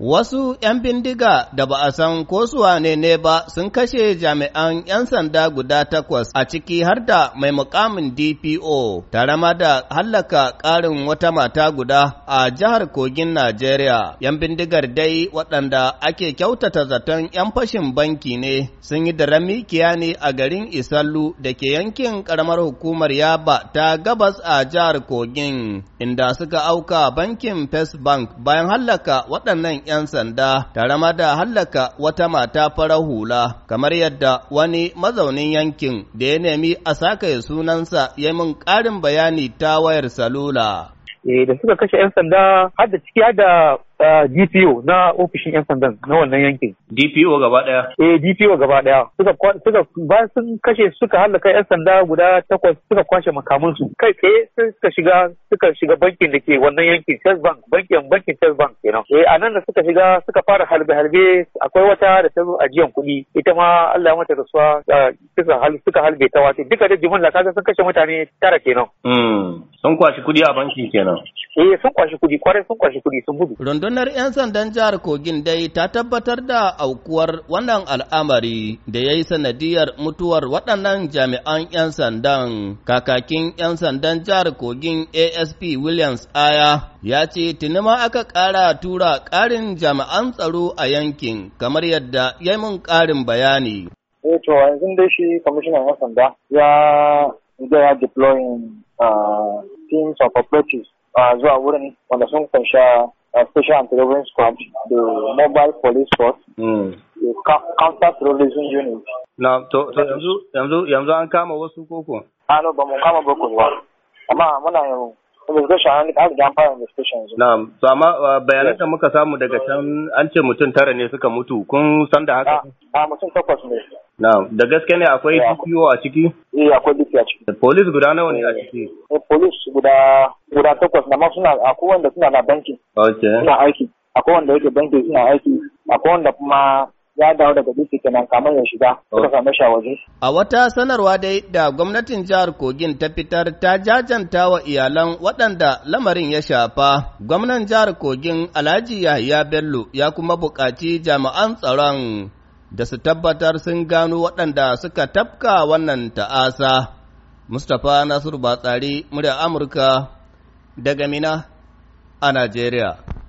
Wasu ‘yan bindiga da ba a san ko suwa ne ne ba sun kashe jami'an ‘yan sanda guda takwas a ciki har da mai mukamin DPO, tare ma da hallaka ƙarin wata mata guda a jihar Kogin Najeriya. ‘Yan bindigar dai waɗanda ake kyautata zaton ‘yan fashin banki ne sun yi da rami ne a garin Isallu da ke yankin ƙaramar hukumar Yaba ta gabas a jihar Kogin, inda suka auka bankin First Bank bayan hallaka waɗannan 'yan sanda tare ma da hallaka wata mata farar hula kamar yadda wani mazaunin yankin da ya nemi a sakaye sunansa ya min ƙarin bayani ta wayar salula. Eh da suka kashe 'yan sanda har da ciki har da Ah, DPO na ofishin 'yan sandan na wannan yankin. DPO gaba ɗaya? Eh DPO gaba ɗaya. Suka suka bayan sun kashe suka hallaka 'yan sanda guda takwas suka kwashe makamansu. Kai tsaye suka shiga suka shiga bankin da ke wannan yankin Chase Bank bankin bankin Chase Bank kenan. Eh a nan da suka shiga suka fara halbe-halbe akwai wata da ta zo ajiyan kuɗi ita ma Allah mata da suwa suka hal suka halbe ta wace duka da jimin lakasa sun kashe mutane tara kenan. Hmm, sun kwashi kuɗi a bankin kenan. Eh sun kwashi kuɗi kwarai sun kwashi kuɗi sun gudu. rundunar 'yan sandan jihar Kogin dai ta tabbatar da aukuwar wannan al'amari da ya yi sanadiyar mutuwar waɗannan jami'an 'yan sandan. Kakakin 'yan sandan jihar Kogin ASP Williams Aya ya ce tuni ma aka ƙara tura ƙarin jami'an tsaro a yankin kamar yadda ya mun ƙarin bayani. Eh dai shi ah, teams of operatives ah, zuwa wurin wanda sun kunsha special anti-robbery squad, the mobile police force, mm. the counter-terrorism unit. Na, to, to yanzu, yanzu, yanzu an kama wasu koko? A, ah, ba mu kama boko ba. Amma muna yanzu, investigation an an ga fara investigation yanzu. Na, to amma uh, bayanan da muka samu daga can an ce mutum tara ne suka mutu, kun san da haka? A, ah, ah, mutum takwas ne. Na, da gaske ne akwai dukiyo a ciki? Eh, akwai dukiyo a ciki. Polis guda nawa ne a eh, ciki? Eh, polis guda guda takwas na masu na akwai wanda suna na banki. Ok. Suna aiki. Akwai wanda yake banki suna aiki. Akwai wanda kuma ya dawo daga dutse kenan kamar ya shiga suka samu shawarar. A wata sanarwa dai da gwamnatin jihar Kogin ta fitar ta jajanta wa iyalan waɗanda lamarin ya shafa. Gwamnan jihar Kogin Alhaji Yahya Bello ya kuma buƙaci jami'an tsaron da su tabbatar sun gano waɗanda suka tafka wannan ta'asa. Mustapha Nasiru Batsari, murya Amurka, daga Mina a Najeriya.